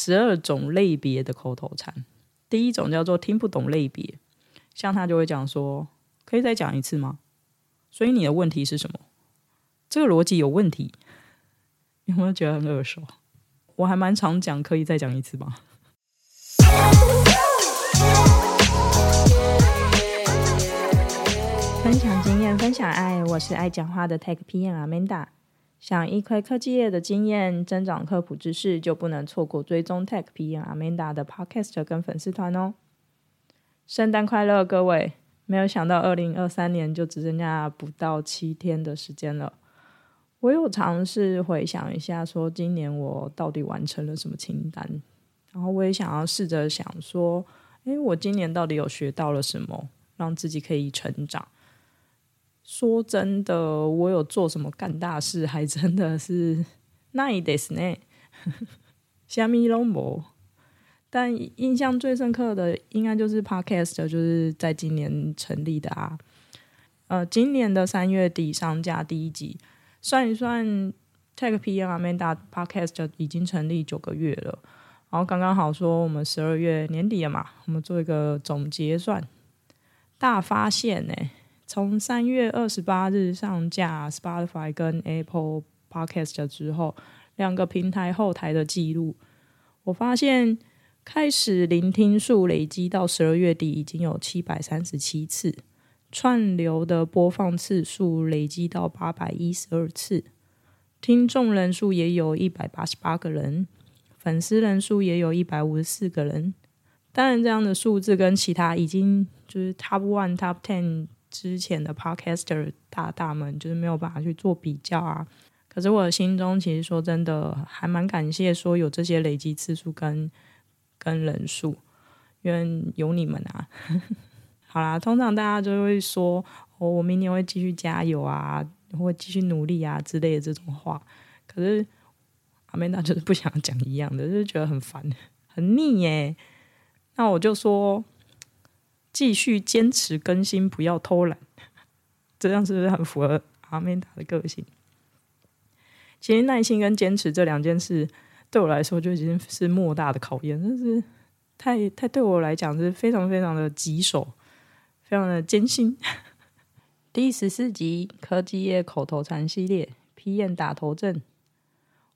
十二種類別的口頭禪，第一種叫做聽不懂類別，像他就會講說，可以再講一次嗎？所以你的問題是什麼？這個邏輯有問題，有沒有覺得很耳熟？我還蠻常講，可以再講一次嗎？分享經驗，分享愛，我是愛講話的 TechPM Amanda 想依靠科技業的經驗增長科普知識，就不能錯過追蹤 techpm.Amanda 的 Podcast 跟粉絲團哦！聖誕快樂，各位！沒有想到，二零二三年就只剩下不到七天的時間了。我有嘗試回想一下，說今年我到底完成了什麼清單？然後我也想要試着想說，哎、欸，我今年到底有學到了什麼，讓自己可以成長？說真的，我有做什麼幹大事，還真的是那也得是呢，蝦米攏無。但印象最深刻的，應該就是 Podcast，就是在今年成立的啊。呃，今年的三月底上架第一集，算一算，TechPM Amanda Podcast 就已經成立九個月了，然後剛剛好說我們十二月年底了嘛，我們做一個總結算，大發現呢、欸。從三月二十八日上架 Spotify 跟 Apple Podcast 之後，兩個平台後台的記錄，我發現開始聆聽數累積到十二月底已經有七百三十七次，串流的播放次數累積到八百一十二次，聽眾人數也有一百八十八個人，粉絲人數也有一百五十四個人。當然，這樣的數字跟其他已經就是 Top One、Top Ten。之前的 Podcaster 大大們就是沒有辦法去做比較啊。可是我心中其實說真的，還蠻感謝說有這些累積次數跟跟人數，因為有你們啊。 好啦，通常大家就會說，哦，我明年會繼續加油啊，會繼續努力啊之類的這種話。可是阿 May 娜就是不想講一樣的，就是覺得很煩、很膩耶。那我就說。繼續堅持更新，不要偷懶，這樣是不是很符合阿曼達的個性？其實耐心跟堅持這兩件事對我來說就已經是莫大的考驗，但是太太對我來講是非常非常的棘手，非常的艱辛。第十四集《科技業口頭禪系列》，PM 打頭陣。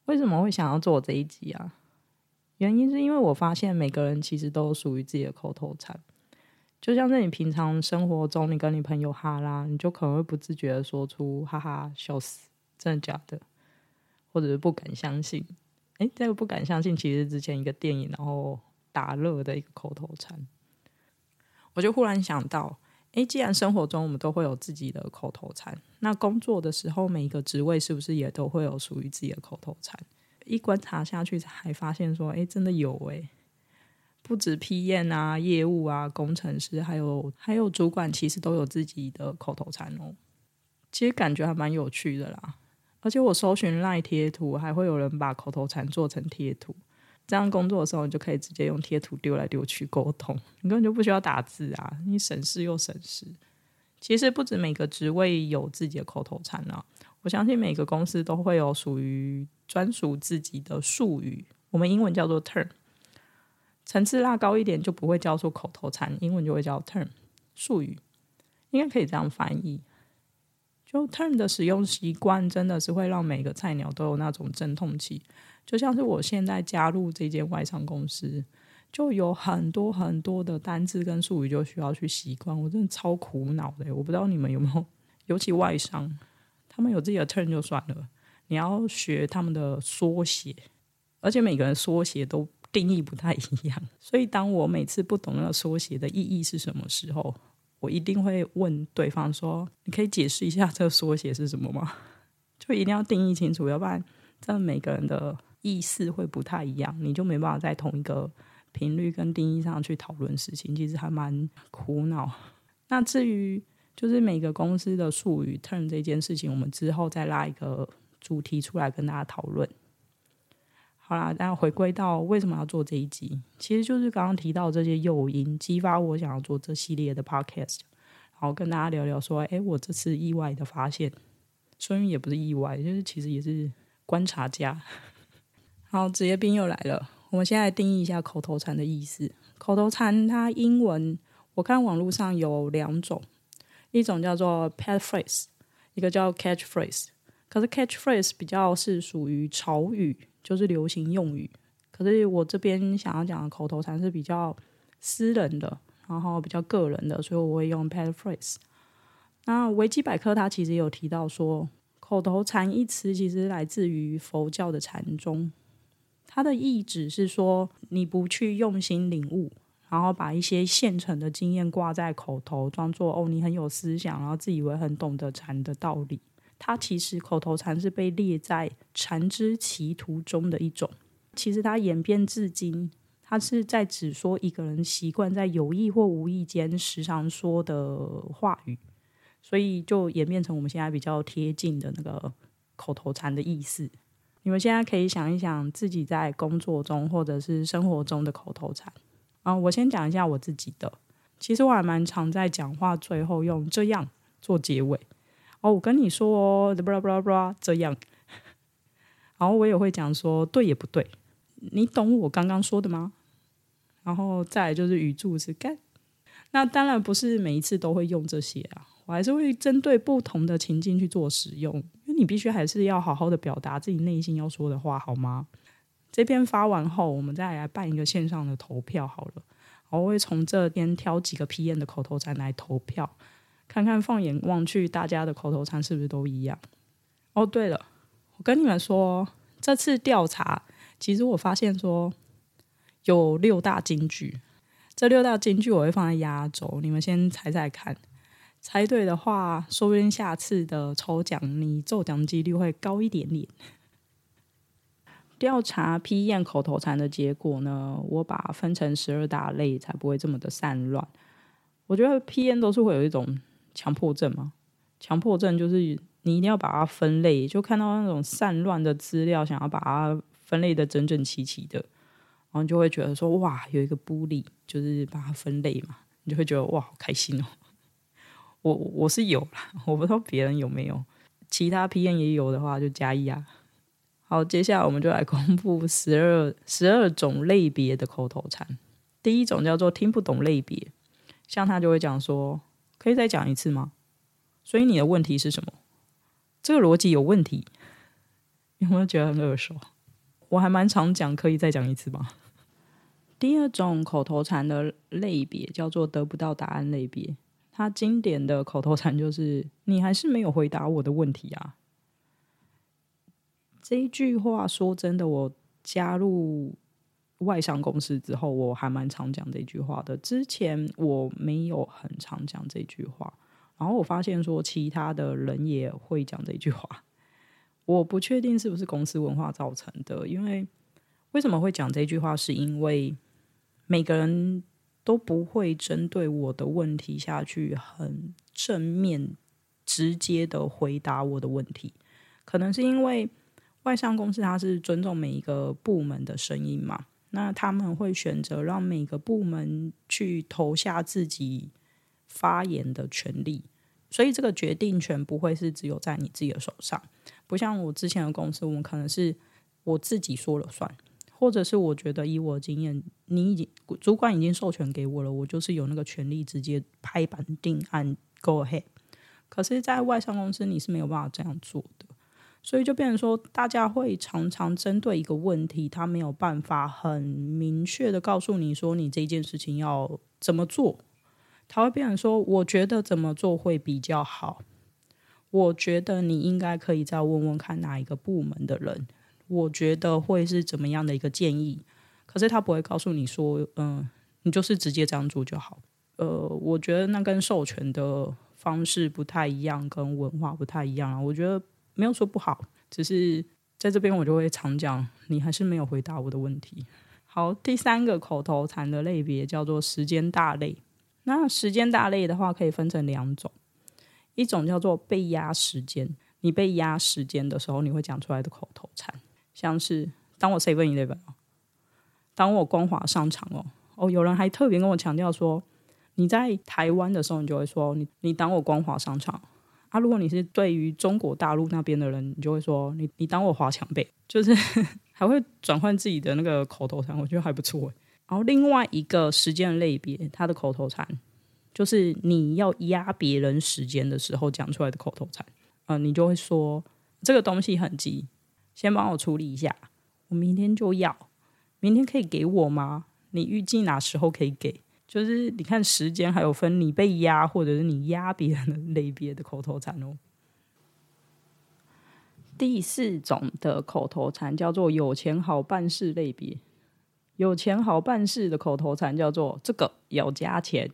為什麼會想要做這一集啊？原因是因為我發現每個人其實都屬於自己的口頭禪。就像在你平常生活中，你跟你朋友哈拉，你就可能會不自覺的說出“哈哈笑死，真的假的”，或者是不敢相信。哎，這個不敢相信，其實是之前一個電影然後打熱的一個口頭禪。我就忽然想到，哎，既然生活中我們都會有自己的口頭禪，那工作的時候每一個職位是不是也都會有屬於自己的口頭禪？一觀察下去才發現說，說哎，真的有哎。不止 PM 啊，業務啊，工程師還有還有主管，其實都有自己的口頭禪哦。其實感覺還蠻有趣的啦。而且我搜尋 LINE 貼圖，還會有人把口頭禪做成貼圖。這樣工作的時候，你就可以直接用貼圖丟來丟去溝通，你根本就不需要打字啊，你省事又省事。其實不止每個職位有自己的口頭禪啊，我相信每個公司都會有屬於專屬自己的術語，我們英文叫做 term。層次拉高一點，就不會教出口頭禪，英文就會叫 term 術語，應該可以這樣翻譯。就 term 的使用習慣，真的是會讓每個菜鳥都有那種陣痛期。就像是我現在加入這間外商公司，就有很多很多的單字跟術語就需要去習慣，我真的超苦惱的、欸。我不知道你們有沒有，尤其外商，他們有自己的 term 就算了，你要學他們的縮寫，而且每個人縮寫都。定義不太一樣，所以當我每次不懂那個縮寫的意義是什麼時候，我一定會問對方說：“你可以解釋一下這個縮寫是什麼嗎？”就一定要定義清楚，要不然，這樣每個人的意思會不太一樣，你就沒辦法在同一個頻率跟定義上去討論事情，其實還蠻苦惱。那至於就是每個公司的術語 “turn” 這件事情，我們之後再拉一個主題出來跟大家討論。好啦，然後回歸到為什麼要做這一集，其實就是剛剛提到這些誘因，激發我想要做這系列的 podcast，然後跟大家聊聊說，哎、欸，我這次意外的發現，所以也不是意外，就是其實也是觀察家。 好，職業病又來了，我們現在定義一下口頭禪的意思。口頭禪它英文我看網絡上有兩種，一種叫做 pet phrase，一個叫 catch phrase。可是 catch phrase 比較是屬於潮語。就是流行用語，可是我這邊想要講的口頭禪是比較私人的，然後比較個人的，所以我會用 pet phrase。那維基百科它其實有提到說，口頭禪一詞其實來自於佛教的禪宗，它的意旨是說你不去用心領悟，然後把一些現成的經驗掛在口頭，裝作哦你很有思想，然後自以為很懂得禪的道理。它其實口頭禪是被列在禪之歧途中的一種，其實它演變至今，它是在指說一個人習慣在有意或無意間時常說的話語，所以就演變成我們現在比較貼近的那個口頭禪的意思。你們現在可以想一想自己在工作中或者是生活中的口頭禪啊。我先講一下我自己的，其實我還蠻常在講話最後用這樣做結尾。哦，我跟你說哦，巴拉巴拉巴拉，這樣。 然後我也會講說，對也不對，你懂我剛剛說的嗎？然後再來就是語助詞幹。那當然不是每一次都會用這些啊，我還是會針對不同的情境去做使用，因為你必須還是要好好的表達自己內心要說的話，好嗎？這邊發完後，我們再來辦一個線上的投票好了，我會從這邊挑幾個 PM 的口頭禪來投票。看看，放眼望去，大家的口頭禪是不是都一樣？哦、oh,，對了，我跟你們說，這次調查其實我發現說有六大金句，這六大金句我會放在壓軸，你們先猜猜看，猜對的話，說不定下次的抽獎你中獎幾率會高一點點。調查 PM 口頭禪的結果呢，我把分成十二大類，才不會這麼的散亂。我覺得 PM 都是會有一種。強迫症嘛，強迫症就是你一定要把它分類，就看到那種散亂的資料，想要把它分類的整整齊齊的，然後你就會覺得說：“哇，有一個玻璃，就是把它分類嘛。”你就會覺得：“哇，好開心哦！”我我是有啦，我不知道別人有沒有。其他 PM 也有的話，就加一啊。好，接下來我們就來公布十二十二種類別的口頭禪。第一種叫做聽不懂類別，像他就會講說。可以再講一次嗎？所以你的問題是什麼？這個邏輯有問題，有沒有覺得很耳熟？我還蠻常講，可以再講一次嗎？第二種口頭禪的類別叫做得不到答案類別，它經典的口頭禪就是“你還是沒有回答我的問題啊”。這一句話說真的，我加入。外商公司之後，我還蠻常講這句話的。之前我沒有很常講這句話，然後我發現說，其他的人也會講這句話。我不確定是不是公司文化造成的，因為為什麼會講這句話？是因為每個人都不會針對我的問題下去很正面、直接的回答我的問題。可能是因為外商公司它是尊重每一個部門的聲音嘛。那他們會選擇讓每個部門去投下自己發言的權利，所以這個決定權不會是只有在你自己的手上，不像我之前的公司，我們可能是我自己說了算，或者是我覺得以我經驗，你已經主管已經授權給我了，我就是有那個權利直接拍板定案 go ahead。可是，在外商公司，你是沒有辦法這樣做的。所以就變成說，大家會常常針對一個問題，他沒有辦法很明確的告訴你說，你這件事情要怎麼做，他會變成說，我覺得怎麼做會比較好，我覺得你應該可以再問問看哪一個部門的人，我覺得會是怎麼樣的一個建議，可是他不會告訴你說，嗯、呃，你就是直接這樣做就好。呃，我覺得那跟授權的方式不太一樣，跟文化不太一樣啊，我覺得。沒有說不好，只是在這邊我就會常講，你還是沒有回答我的問題。好，第三個口頭禪的類別叫做時間大類。那時間大類的話可以分成兩種，一種叫做被壓時間，你被壓時間的時候你會講出來的口頭禪，像是當我7-11哦，當我光華商場哦哦，有人還特別跟我強調說，你在台灣的時候你就會說你你當我光華商場。啊，如果你是對於中國大陸那邊的人，你就會說，你你當我華強北，就是呵呵還會轉換自己的那個口頭禪，我覺得還不錯。然後另外一個時間類別，他的口頭禪就是你要壓別人時間的時候講出來的口頭禪，嗯、呃，你就會說這個東西很急，先幫我處理一下，我明天就要，明天可以給我嗎？你預計哪時候可以給？就是你看時間還有分你被壓或者是你壓別人的類別的口頭禪哦。第四種的口頭禪叫做“有錢好辦事”類別。有錢好辦事的口頭禪叫做這個要加錢，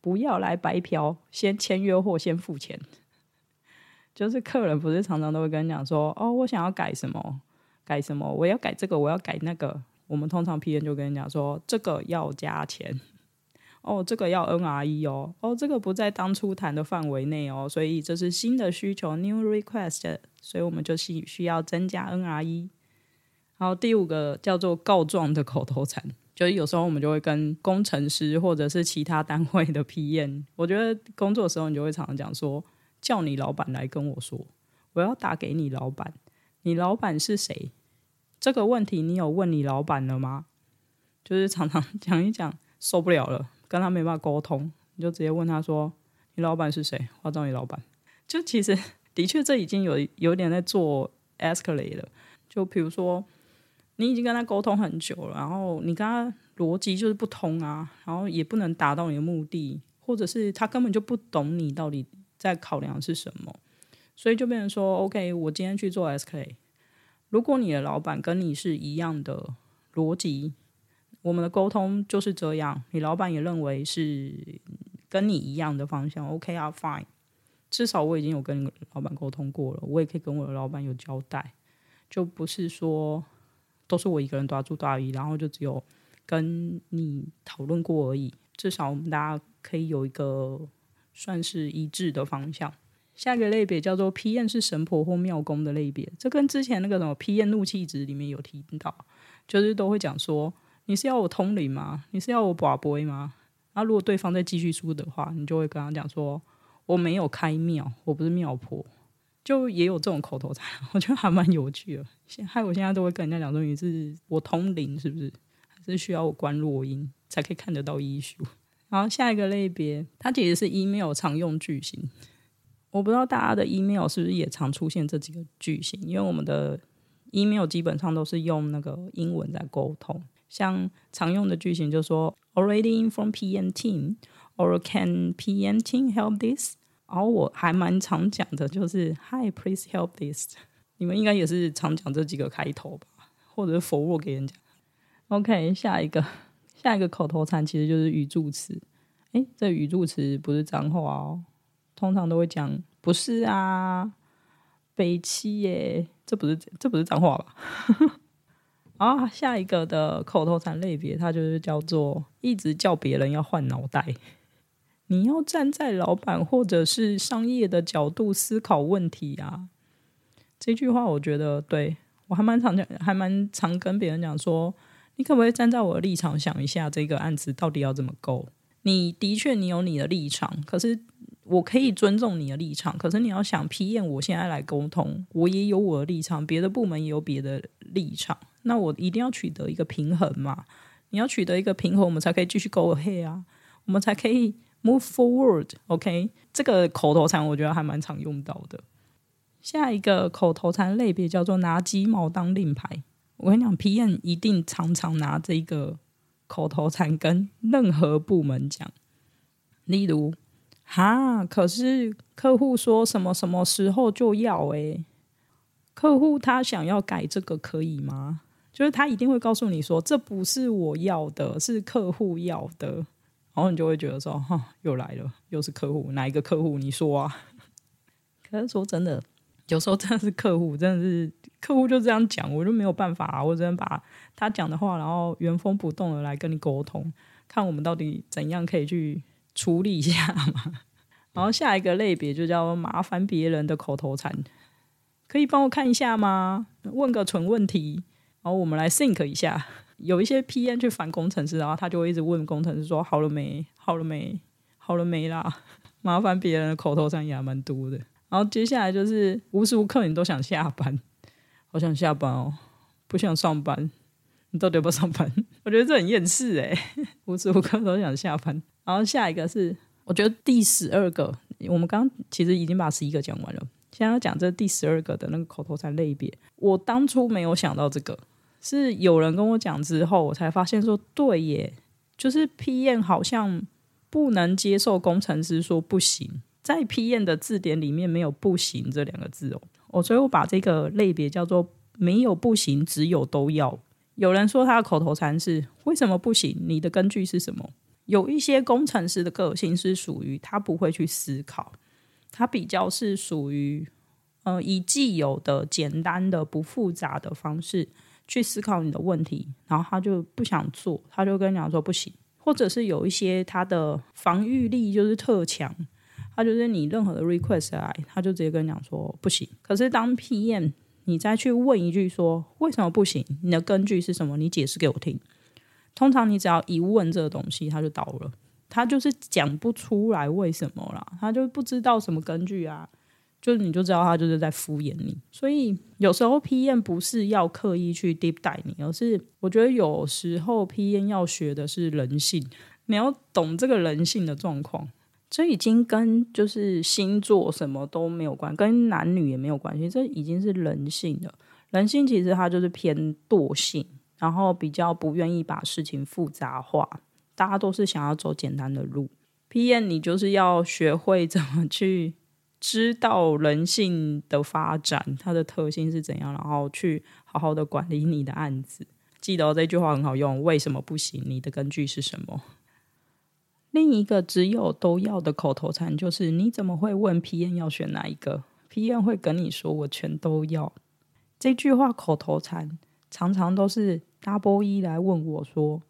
不要來白嫖，先簽約或先付錢。就是客人不是常常都會跟你講說：“哦，我想要改什麼，改什麼，我要改這個，我要改那個。”我們通常 P N 就跟你講說：“這個要加錢。”哦，這個要 NRE 哦，哦，這個不在當初談的範圍內哦，所以這是新的需求 new request，所以我們就需需要增加 NRE。好，第五個叫做告狀的口頭禪，就是有時候我們就會跟工程師或者是其他單位的 PM，我覺得工作的時候你就會常常講說，叫你老板來跟我說，我要打給你老板，你老板是誰？這個問題你有問你老板了嗎？就是常常講一講，受不了了。跟他沒辦法溝通，你就直接問他說：“你老闆是誰？我找你老闆。”就其實的確，這已經有有一點在做 escalate 了。就比如說，你已經跟他溝通很久了，然後你跟他邏輯就是不通啊，然後也不能達到你的目的，或者是他根本就不懂你到底在考量是什麼，所以就變成說：“OK，我今天去做 escalate。”如果你的老闆跟你是一樣的邏輯。我們的溝通就是這樣，你老板也認為是跟你一樣的方向，OK 啊，Fine。至少我已經有跟你老板溝通過了，我也可以跟我的老板有交代，就不是說都是我一個人抓住大意，然後就只有跟你討論過而已。至少我們大家可以有一個算是一致的方向。下一個類別叫做 PM 是神婆或廟公的類別，這跟之前那個什麼 PM 怒氣值裡面有提到，就是都會講說。你是要我通靈嗎？你是要我卜卦嗎？那、啊、如果對方再繼續輸的話，你就會跟他講說：“我沒有開廟，我不是廟婆。”就也有這種口頭禪，我覺得還蠻有趣的。害我現在都會跟人家講說：“你是我通靈，是不是？還是需要我觀落陰才可以看得到醫書？”然後下一個類別，它其實是 email 常用句型。我不知道大家的 email 是不是也常出現這幾個句型，因為我們的 email 基本上都是用那個英文在溝通。像常用的句型，就說 “already from P N team” or “can P N team help this”？而、哦、我還蠻常講的就是 “Hi, please help this”。你們應該也是常講這幾個開頭吧？或者 forward 給人家？OK，下一個下一個口頭禪其實就是語助詞。哎，這語助詞不是髒話哦。通常都會講“不是啊”，北七耶，這不是這不是髒話吧？ 啊，下一個的口頭禪類別，它就是叫做“一直叫別人要換腦袋”。你要站在老闆或者是商業的角度思考問題啊。這句話我覺得對，我還蠻常講，還蠻常跟別人講說：“你可不可以站在我的立場想一下，這個案子到底要怎麼夠？”你的確你有你的立場，可是我可以尊重你的立場。可是你要想批驗，我現在來溝通，我也有我的立場，別的部門也有別的立場。那我一定要取得一個平衡嘛？你要取得一個平衡，我們才可以繼續 go ahead 啊，我們才可以 move forward。OK，這個口頭禪我覺得還蠻常用到的。下一個口頭禪類別叫做拿雞毛當令牌。我跟你講，PM 一定常常拿這個口頭禪跟任何部門講，例如，哈，可是客戶說什麼什麼時候就要？誒，客戶他想要改這個，可以嗎？就是他一定會告訴你說：“這不是我要的，是客戶要的。”然後你就會覺得說：“哈，又來了，又是客戶，哪一個客戶？你說啊？”可是說真的，有時候真的是客戶，真的是客戶就這樣講，我就沒有辦法啊，我只能把他講的話，然後原封不動的來跟你溝通，看我們到底怎樣可以去處理一下嘛。然後下一個類別就叫麻煩別人的口頭禪，可以幫我看一下嗎？問個蠢問題。然後我們來 think 一下，有一些 PM 去煩工程師，然後他就會一直問工程師說：“好了沒？好了沒？好了沒啦？”麻煩別人的口頭禪也還蠻多的。然後接下來就是無時無刻你都想下班，好想下班哦，不想上班，你到底要不要上班？ 我覺得這很厭世誒、欸，無時無刻都想下班。然後下一個是，我覺得第十二個，我們剛其實已經把十一個講完了。現在要講這第十二個的那個口頭禪類別，我當初沒有想到這個，是有人跟我講之後，我才發現說，對耶，就是 PM 好像不能接受工程師說不行，在 PM 的字典裡面沒有不行這兩個字哦，哦，所以我把這個類別叫做沒有不行，只有都要。有人說他的口頭禪是為什麼不行？你的根據是什麼？有一些工程師的個性是屬於他不會去思考。他比較是屬於，呃，以既有的、簡單的、不複雜的方式去思考你的問題，然後他就不想做，他就跟你講說不行，或者是有一些他的防禦力就是特強，他就是你任何的 request 來，他就直接跟你講說不行。可是當 PM 你再去問一句說為什麼不行？你的根據是什麼？你解釋給我聽。通常你只要一問這個東西，他就倒了。他就是講不出來為什麼啦，他就不知道什麼根據啊，就你就知道他就是在敷衍你。所以有時候 PM 不是要刻意去 deep dive 你，而是我覺得有時候 PM 要學的是人性，你要懂這個人性的狀況。這已經跟就是星座什麼都沒有關，跟男女也沒有關係，這已經是人性了。人性其實它就是偏惰性，然後比較不願意把事情複雜化。大家都是想要走簡單的路。PM 你就是要學會怎麼去知道人性的發展，它的特性是怎樣，然後去好好的管理你的案子。記得、哦、這句話很好用。為什麼不行？你的根據是什麼？另一個只有都要的口頭禪就是：你怎麼會問 PM 要選哪一個？PM 會跟你說：“我全都要。”這句話口頭禪常常都是 W. 來問我說。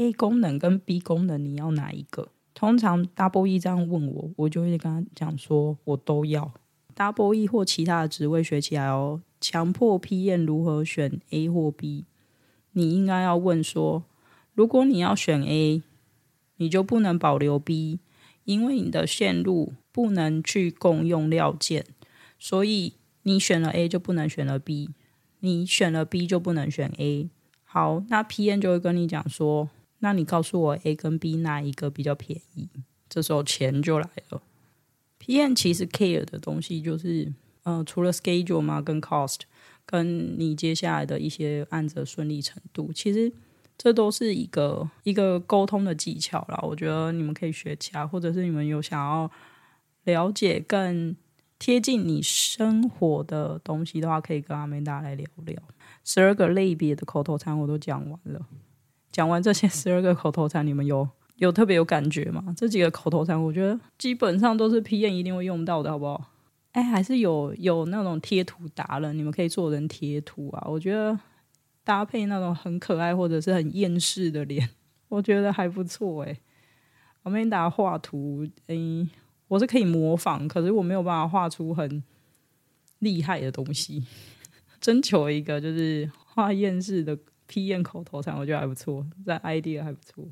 A 功能跟 B 功能，你要哪一個？通常 W E 這樣問我，我就會跟他講說，我都要。W E 或其他的職位學起來哦。強迫 PM 如何選 A 或 B？你應該要問說，如果你要選 A，你就不能保留 B，因為你的線路不能去共用料件，所以你選了 A 就不能選了 B，你選了 B 就不能選 A。好，那 PM 就會跟你講說。那你告訴我，A 跟 B 哪一個比較便宜？這時候錢就來了。PM 其實 care 的東西就是，嗯、呃，除了 schedule 嘛，跟 cost，跟你接下來的一些案子的順利程度，其實這都是一個一個溝通的技巧啦。我覺得你們可以學起來，或者是你們有想要了解更貼近你生活的東西的話，可以跟 Amanda 來聊聊。十二個類別的口頭禪我都講完了。講完這些十二個口頭禪，你們有有特別有感覺嗎？這幾個口頭禪，我覺得基本上都是 PM 一定會用到的，好不好？哎、欸，還是有有那種貼圖達人，你們可以做成貼圖啊。我覺得搭配那種很可愛或者是很厭世的臉，我覺得還不錯哎、欸。Amanda 畫圖，哎、欸，我是可以模仿，可是我沒有辦法畫出很厲害的東西。徵求一個就是畫厭世的。PM 口頭禪，我覺得還不錯，這 idea 還不錯。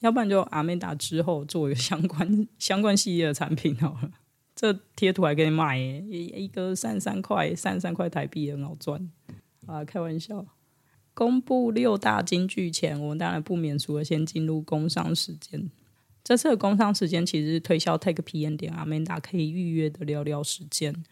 要不然就 Amanda 之後做一個相關相關系列的產品好了。這貼圖還可以賣耶，一個三三塊，三三塊台幣也很好賺啊，開玩笑！公布六大金句前，我們當然不免除了先進入工商時間。這次的工商時間其實是推銷 TechPM 點 Amanda 可以預約的聊聊時間。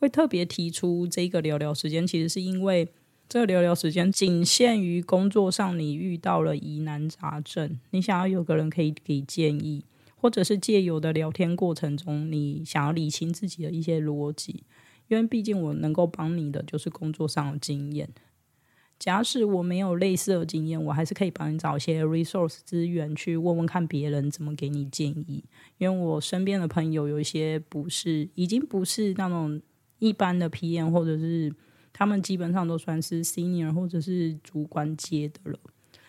會特別提出這個聊聊時間，其實是因為。這個聊聊時間僅限於工作上，你遇到了疑難雜症，你想要有個人可以給建議，或者是借由的聊天過程中，你想要理清自己的一些邏輯。因為畢竟我能夠幫你的就是工作上的經驗。假使我沒有類似的經驗，我還是可以幫你找一些 resource 資源去問問看別人怎麼給你建議。因為我身邊的朋友有一些不是已經不是那種一般的 PM，或者是。他們基本上都算是 senior 或者是主管階的了，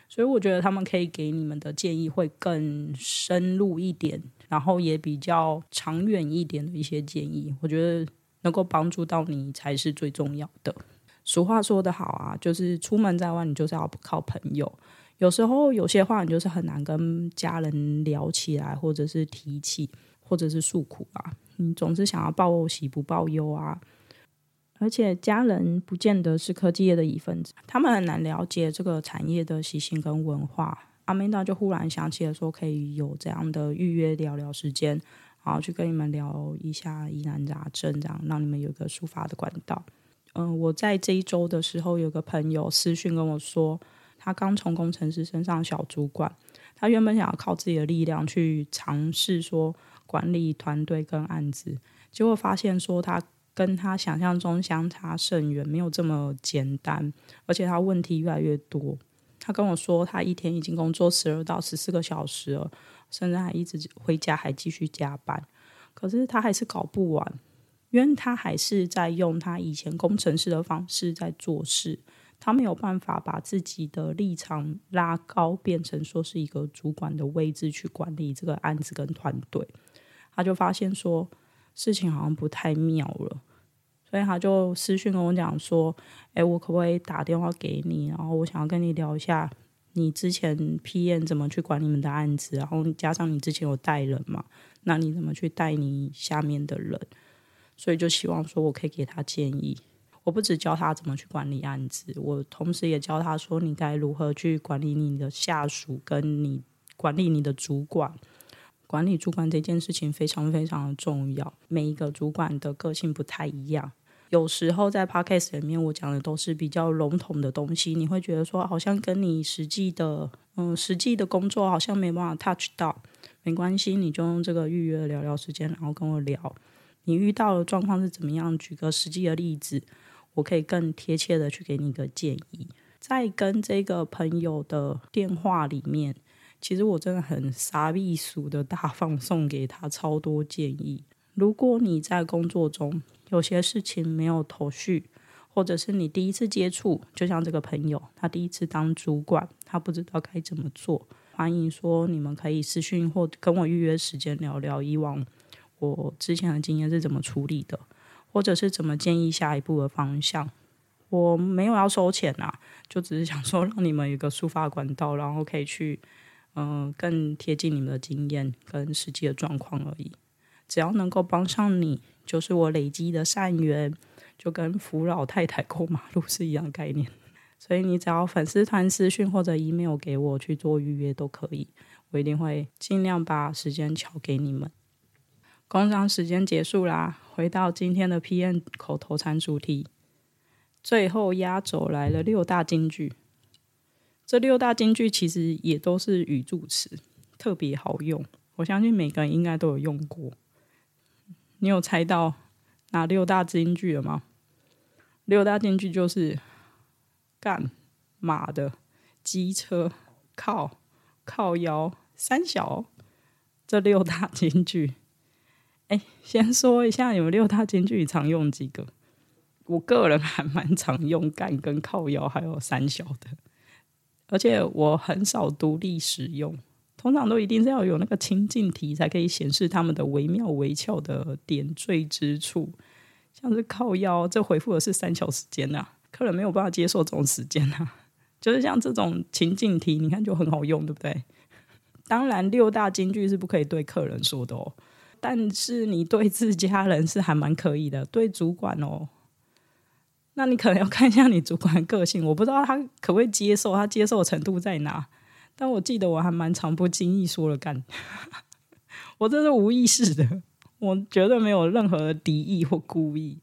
所以我覺得他們可以給你們的建議會更深入一點，然後也比較長遠一點的一些建議，我覺得能夠幫助到你才是最重要的。俗話說得好啊，就是出門在外，你就是要靠朋友。有時候有些話你就是很難跟家人聊起來，或者是提起，或者是訴苦啊。你總是想要報喜不報憂啊。而且家人不見得是科技業的一份子，他們很難了解這個產業的習性跟文化。阿曼達就忽然想起了說，可以有這樣的預約聊聊時間，然後去跟你們聊一下疑難雜症，這樣讓你們有個抒發的管道。嗯、呃，我在這一周的時候，有個朋友私訊跟我說，他剛從工程師升上小主管，他原本想要靠自己的力量去嘗試說管理團隊跟案子，結果發現說他。跟他想象中相差甚遠，沒有這麼簡單，而且他問題越來越多。他跟我說，他一天已經工作十二到十四個小時了，甚至還一直回家還繼續加班，可是他還是搞不完，因為他還是在用他以前工程師的方式在做事，他沒有辦法把自己的立場拉高，變成說是一個主管的位置去管理這個案子跟團隊。他就發現說，事情好像不太妙了。所以他就私訊跟我講說：“誒、欸，我可不可以打電話給你？然後我想要跟你聊一下，你之前 PM 怎麼去管你們的案子？然後加上你之前有帶人嘛，那你怎麼去帶你下面的人？所以就希望說我可以給他建議。我不只教他怎麼去管理案子，我同時也教他說你該如何去管理你的下屬，跟你管理你的主管。管理主管這件事情非常非常的重要。每一個主管的個性不太一樣。”有時候在 Podcast 裡面，我講的都是比較籠統的東西，你會覺得說好像跟你實際的，嗯，實際的工作好像沒辦法 touch 到。沒關係，你就用這個預約聊聊時間，然後跟我聊你遇到的狀況是怎麼樣，舉個實際的例子，我可以更貼切的去給你一個建議。在跟這個朋友的電話裡面，其實我真的很殺必死的大放送給他超多建議。如果你在工作中有些事情沒有頭緒，或者是你第一次接觸，就像這個朋友，他第一次當主管，他不知道該怎麼做。歡迎說你們可以私訊或跟我預約時間聊聊，以往我之前的經驗是怎麼處理的，或者是怎麼建議下一步的方向。我沒有要收錢吶、啊，就只是想說讓你們有一個抒發管道，然後可以去嗯、呃、更貼近你們的經驗跟實際的狀況而已。只要能夠幫上你，就是我累積的善緣，就跟扶老太太過馬路是一樣概念。所以你只要粉絲團私訊或者 email 給我去做預約都可以，我一定會盡量把時間喬給你們。工商時間結束啦，回到今天的 PM 口頭禪主題，最後壓軸來了六大金句。這六大金句其實也都是語助詞，特別好用，我相信每個人應該都有用過。你有猜到哪六大金句了嗎？六大金句就是幹、馬的、機車、靠、靠腰、三小這六大金句。哎，先說一下你們六大金句你常用幾個？我個人還蠻常用幹跟靠腰，還有三小的，而且我很少獨立使用。通常都一定是要有那個情境題，才可以顯示他們的惟妙惟肖的點綴之處，像是靠腰，這回復的是三小時間吶、啊，客人沒有辦法接受這種時間吶、啊。就是像這種情境題，你看就很好用，對不對？當然，六大金句是不可以對客人說的哦，但是你對自家人是還蠻可以的，對主管哦。那你可能要看一下你主管個性，我不知道他可不可以接受，他接受的程度在哪。.但我記得我還蠻常不經意說了幹，我這是無意識的，我絕對沒有任何的敵意或故意。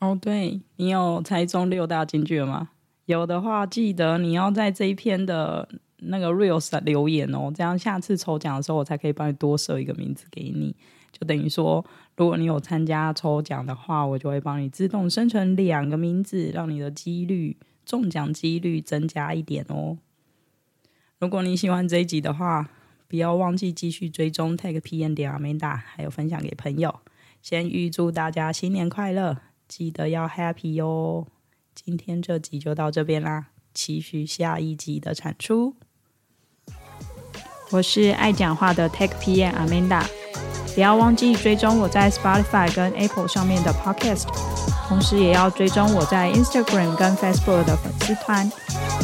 哦、oh，對，你有猜中六大金句嗎？有的話，記得你要在這一篇的那個 reels 留言哦，這樣下次抽獎的時候，我才可以幫你多設一個名字給你。就等於說，如果你有參加抽獎的話，我就會幫你自動生成兩個名字，讓你的幾率中獎幾率增加一點哦。如果你喜歡這一集的話，不要忘記繼續追蹤 techpm.amanda，還有分享給朋友。先預祝大家新年快樂，記得要 happy 喲、哦！今天這集就到這邊啦，期許下一集的產出。我是愛講話的 Tech PM Amanda，不要忘記追蹤我在 Spotify 跟 Apple 上面的 Podcast，同時也要追蹤我在 Instagram 跟 Facebook 的粉絲團。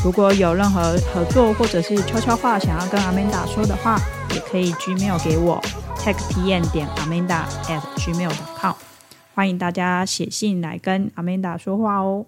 如果有任何合作或者是悄悄話想要跟 Amanda 說的話，也可以 Gmail 給我，techpm 點 amanda at gmail.com，歡迎大家寫信來跟 Amanda 說話哦。